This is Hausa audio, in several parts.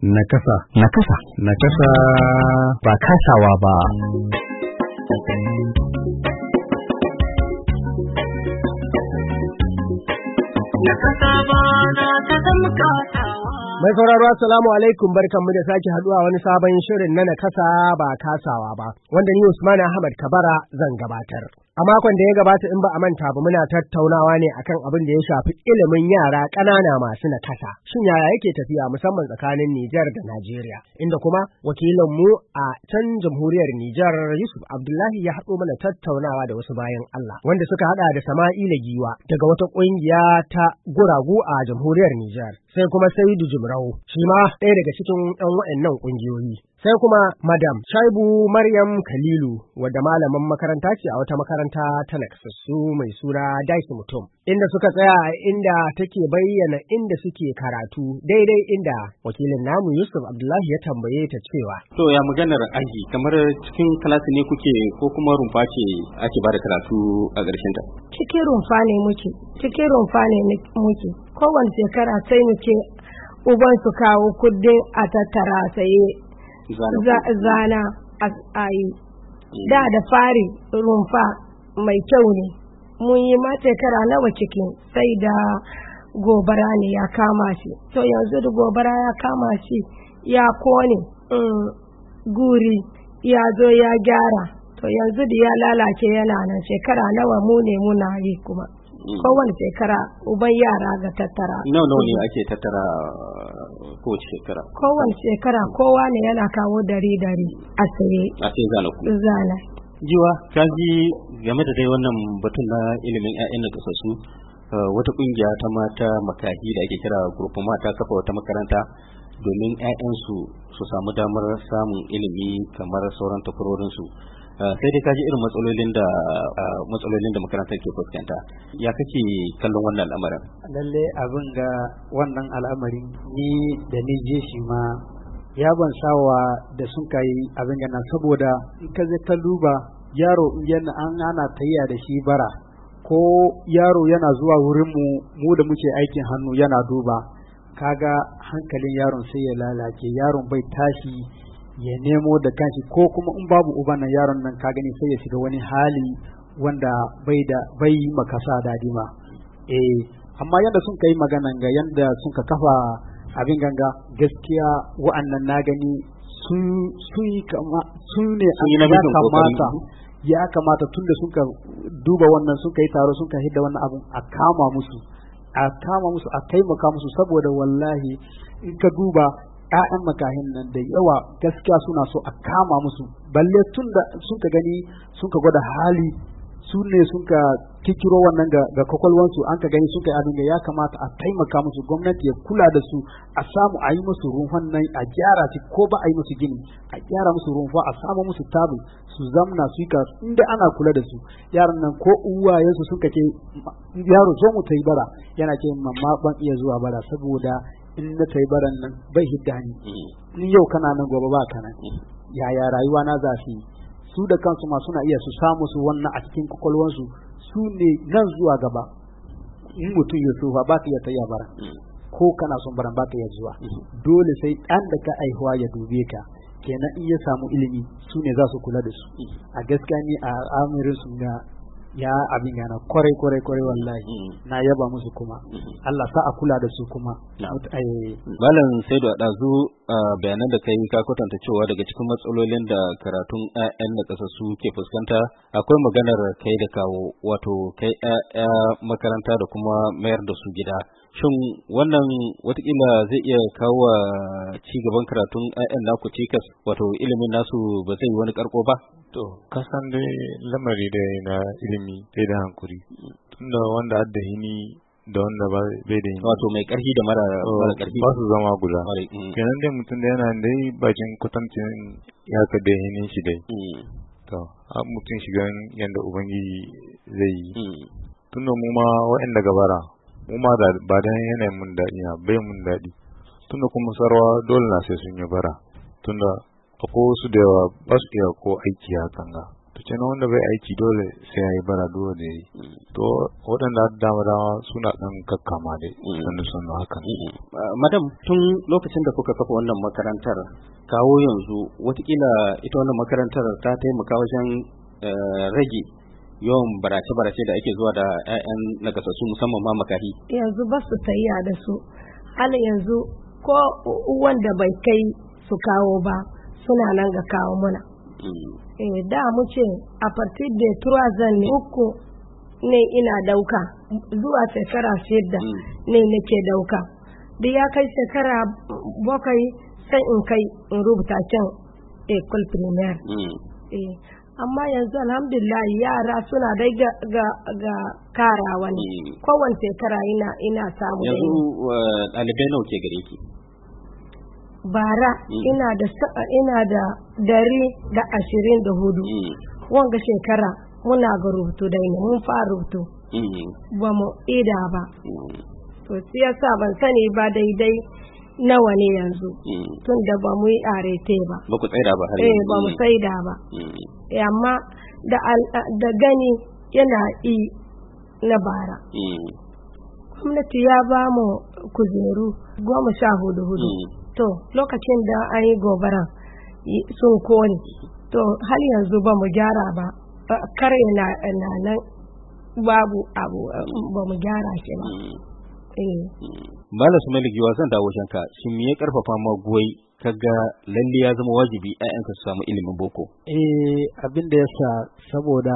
Nakasa. Nakasa. Nakasa. Ba kasawa ba. Nakasa ba na ta zama Mai sauraro Assalamu alaikum barkanmu da sake haduwa wani sabon shirin na nakasa ba kasawa ba wanda ni Usman Ahmad Kabara zan gabatar. A makon da ya gabata in ba a manta ba muna tattaunawa ne a kan abin da ya shafi ilimin yara ƙanana masu nakasa. Shin yaya yake tafiya musamman tsakanin Nijar da Najeriya? Inda kuma wakilin a can jamhuriyar Nijar Yusuf Abdullahi ya haɗo mana tattaunawa da wasu bayan Allah wanda suka haɗa da Sama'ila Giwa daga wata ƙungiya ta guragu a jamhuriyar Nijar. Sai kuma Saidu juma. Rau, shi ma ɗaya daga cikin 'yan wa'annan ƙungiyoyi. Sai kuma Madam Shaibu Maryam Kalilu wadda malaman makaranta ce a wata makaranta ta nakasassu mai sura Dashi Mutum. Inda suka tsaya inda take bayyana inda suke karatu daidai inda wakilin namu Yusuf Abdullahi ya tambaye ta cewa. To ya maganar aji kamar cikin kalasi ne kuke ko kuma rumfa ce ake bada karatu a ƙarshen ta? Cikin rumfa ne muke, cikin rumfa ne muke. Kowane shekara sai muke uban su kawo kudde a tattara saye zana a yi mm. da da fari rumfa mai kyau ne mun yi ma shekara nawa cikin sai da gobara ne ya kama shi to yanzu da gobara ya kama shi ya kone mm, guri ya zo ya gyara to yanzu da ya lalace yana nan shekara nawa mu ne muna yi kuma Mm. kowane shekara uban yara ga tattara no no ne ake tattara uh, kowace shekara kowane shekara kowa ne yana kawo dari dari a tsaye a tsaye zana ku zana jiwa ka ji game da dai wannan batun na ilimin ƴaƴan da kasassu uh, wata kungiya ta mata makahi da ake kira gurfin mata kafa wata makaranta domin ƴaƴansu su samu damar samun ilimi kamar sauran takwarorinsu Ah, sai dai kaji irin matsalolin da ah, matsalolin da makarantar ke fuskanta ya kake kallon wannan al'amarin lalle abin ga wannan al'amarin ni da ni je shi ma ya ban sawa da sun kai abin ga nan saboda in ka je ka duba yaro yana an ana tayya da shi bara ko yaro yana zuwa wurin mu mu da muke aikin hannu yana duba kaga hankalin yaron sai ya lalace yaron bai tashi ya nemo da kanshi ko kuma in babu uba nan yaron nan ka gani sai ya shiga wani hali wanda bai da bai sa dadi ba eh amma yanda sun kai maganan ga yanda sun ka kafa abin ganga gaskiya wa'annan na gani sun yi kama sun ne ya kamata ya kamata tun da sun ka duba wannan sun ka yi taro sun ka hidda wannan abun a kama musu a kama musu a taimaka musu saboda wallahi in ka duba Ya'yan makahin nan da yawa gaskiya suna so a kama musu balle tun da sun ka gani sun ka gwada hali su ne sun ka kikiro wannan ga, kwakwalwansu an ka gani sun ka abin da ya kamata a taimaka musu gwamnati ya kula da su a samu a yi musu rumfa nan a gyara shi ko ba a yi musu gini a gyara musu rumfa a samu musu tabi su zamna su yi inda ana kula da su yaran nan ko uwayensu sun ka ce yaro zo mu ta yi bara yana ce mamma ban iya zuwa bara saboda in na kai baran nan bai hidda ni mm. in yau kana nan gobe ba kana mm. yaya rayuwa na zafi su da kansu ma suna iya su samu su wannan a cikin kwakwalwansu su ne nan zuwa gaba in mutum ya tsufa ba ta iya ta bara mm. ko kana son baran ba ta iya zuwa dole sai ɗan da ka aihuwa ya dube ka kenan in ya samu ilimi su ne za su kula da su a gaskiya ne a amirin su na ya abin yana kwarai kwarai kwarai wallahi mm. na yaba musu kuma Allah sa a kula da su kuma eh. malam sai da dazu bayanan da kai ka kwatanta cewa daga cikin matsalolin da karatun ƴaƴan da su ke fuskanta akwai maganar kai da kawo wato kai ƴaƴa makaranta da kuma mayar da su gida shin wannan watakila zai iya kawo wa cigaban karatun 'ya'yan naku cikas wato ilimin nasu ba zai wani karko ba to kasan dai lamari da na ilimi sai da hankuri tunda wanda adda hini da wanda ba bai da hini wato mai karfi da mara karfi oh, ba su zama guda mm. kenan dai mutum da yana da bakin kwatancin ya ka da hinin shi dai mm. to mutum shigan yadda ubangiji zai yi mm. tunda mu ma wa'anda gabara ma da ba da yanayin mun daɗi na bai mun daɗi tunda kuma sarwa dole na sai sun yi bara tunda akwai wasu da yawa ba su iya ko aiki ya kanga to ce wanda bai aiki dole sai ya yi bara dole ne to waɗanda dama dama suna ɗan kakkama dai sannu sannu hakan. Mm-hmm. Uh, madam tun lokacin da kuka kafa wannan makarantar kawo yanzu watakila ita wannan makarantar ta taimaka wajen eh, rage yawan barace-barace da ake zuwa da 'ya'yan nagasassu musamman ma makahi yanzu ba su tayya da su hal yanzu ko wanda bai kai su kawo ba suna nan ga kawo muna mm. eh da mu ce a partir de 3 ne uku ne ina dauka zuwa shekara shida mm. ne nake dauka da ya kai shekara bakwai sai in kai in rubuta can ekol mer. Mm. Eh, amma yanzu alhamdulillah yara suna dai ga ga, ga mm. kowane shekara ina ina samu yanzu eh, ɗalibai nawa gare ki bara mm. ina da ina da dari da ashirin da hudu mm. wanga shekara muna ga rubutu da mun fara rubutu ba mu ida ba to siyasa ban sani ba daidai nawa ne yanzu hmm. tun da ba mu yi arete ba ba ku tsaida ba har eh, yanzu ba mu tsaida ba hmm. eh, amma da gani yana yi na bara hmm. gwamnati ya ba mu kujeru goma sha hudu hudu to lokacin da an yi gobara sun kone to har yanzu ba mu gyara ba kare na nan babu abu ba mu gyara shi ba Eh. Malam su maliki wasan dawo shanka shin me ya karfafa ma ka kaga lalle ya zama wajibi ka su samu ilimin boko. Eh abin da yasa saboda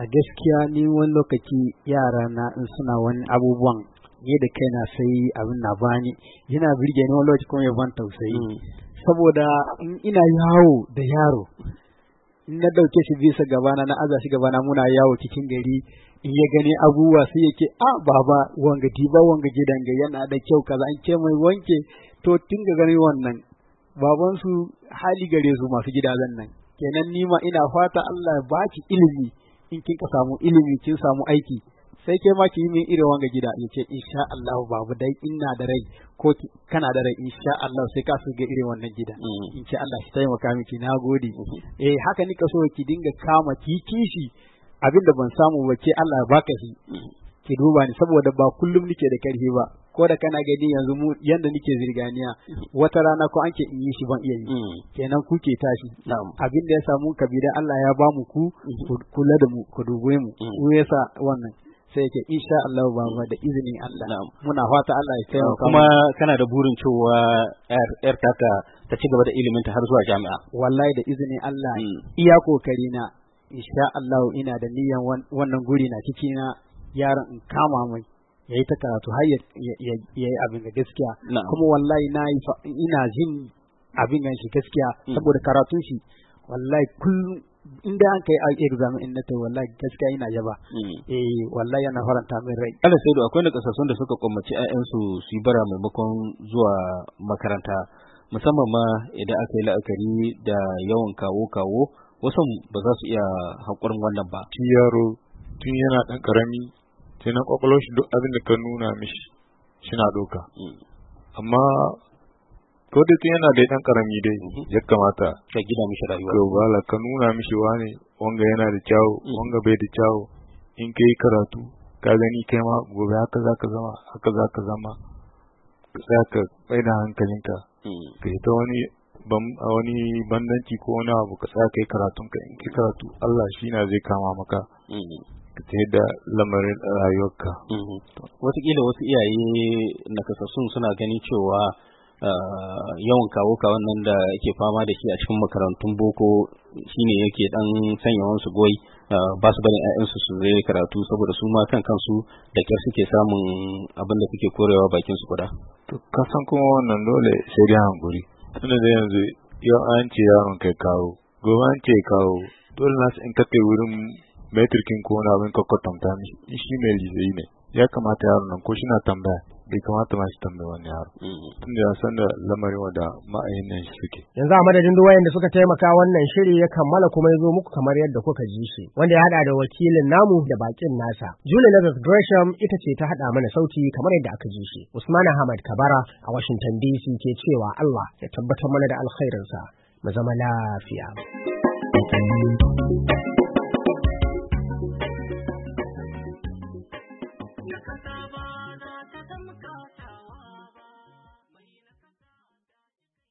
a gaskiya ni wani lokaci yara na in suna wani abubuwan ni da kaina sai abin na bani yana birge ni wani lokaci kuma ya ban tausayi. Hmm. Saboda in ina yawo da yaro na ɗauke shi bisa gabana na aza shi gabana muna yawo cikin gari in ya gani abubuwa sai yake a baba wanga diba wanga gidan ga yana da kyau kaza an ce mai wanke to tun ga gani wannan baban su hali gare su masu gidajen nan kenan nima ina fata Allah ya baki ilimi in kin ka samu ilimi kin samu aiki sai ke ma ki yi min irin wanga gida ya ce insha Allah babu dai ina da rai ko kana da rai insha Allah sai ka su ga irin wannan gida mm. in ce Allah shi taimaka miki na gode mm-hmm. eh haka nika so ki dinga kama ki kishi abinda ban samu ba ke Allah baka shi mm-hmm. ki duba ni saboda ba kullum nike da karfi ba ko da kana gani yanzu mu yanda nike zirganiya mm-hmm. wata rana ko an ke in yi shi ban iya yi mm. kenan kuke ke tashi abin da ya samu kabila Allah ya ba mu ku kula da mu ku dubo mu mm. ku yasa wannan sai yake insha Allah ba da izinin Allah muna fata Allah ya kai kuma kana da burin cewa yar taka ta ci gaba da ilimin ta har zuwa jami'a wallahi da izinin Allah hmm. iya kokari na insha Allah ina da niyyar wannan guri na ciki na yaron in kama mai ya ta karatu har ya yi abin da gaskiya kuma wallahi na ina jin abin shi gaskiya hmm. saboda karatun shi wallahi kullum in da an kai exam in na tai wallahi gaskiya ina yaba hmm. eh wallahi yana faranta min rai Allah sai akwai na kasassun da suka kwamace ayyan su su yi bara maimakon zuwa makaranta musamman ma idan aka yi la'akari da yawan kawo kawo wasan ba za su iya hakurin wannan ba shi yaro tun yana dan karami sai na kwakwalwar shi duk abin da ka nuna mishi shi na doka hmm. amma ko dai yana da ɗan karami dai mhm. ya kamata ka gina mishi rayuwa to bala ka nuna mishi wani wanga yana da kyawu mhm. wanga bai da kyawu in kai karatu ka gani kai ma gobe haka za ka zama haka za ka zama sai ka bai da hankalinka mhm. ka yi ta wani a wani bandanci ko wani abu ka sa kai karatun ka in kai karatu Allah shi na zai kama maka ka ta yadda lamarin rayuwarka. Wataƙila wasu iyaye nakasassun suna gani cewa Ah, yawan kawo ka wannan da ake fama da shi a cikin makarantun boko shine yake dan sanya wansu goyi ah, ba su bane ƴaƴansu su su zai karatu saboda su ma kan kansu da kyar suke samun abin da suke korewa bakin su kuda to ka san kuma wannan dole sai dai hankuri tunda da yanzu yau an ce yaron kai kawo gobe an ce kawo dole na in ka kai wurin metrikin ko wani abin ka kwatanta shi mai lizayi ne ya kamata yaron nan ko shi na tambaya bai kamata ma shi tambayi wani yaro mm-hmm. tun da ya san da lamari da nan shi suke yanzu a madadin duk wayanda suka taimaka wannan shiri ya kammala kuma ya zo muku kamar yadda kuka ji shi wanda ya hada da wakilin namu da bakin nasa Julie Lazarus Gresham ita ce ta hada mana sauti kamar yadda aka ji shi Usman Ahmad Kabara a Washington DC ke cewa Allah ya tabbatar mana da alkhairinsa mu zama lafiya.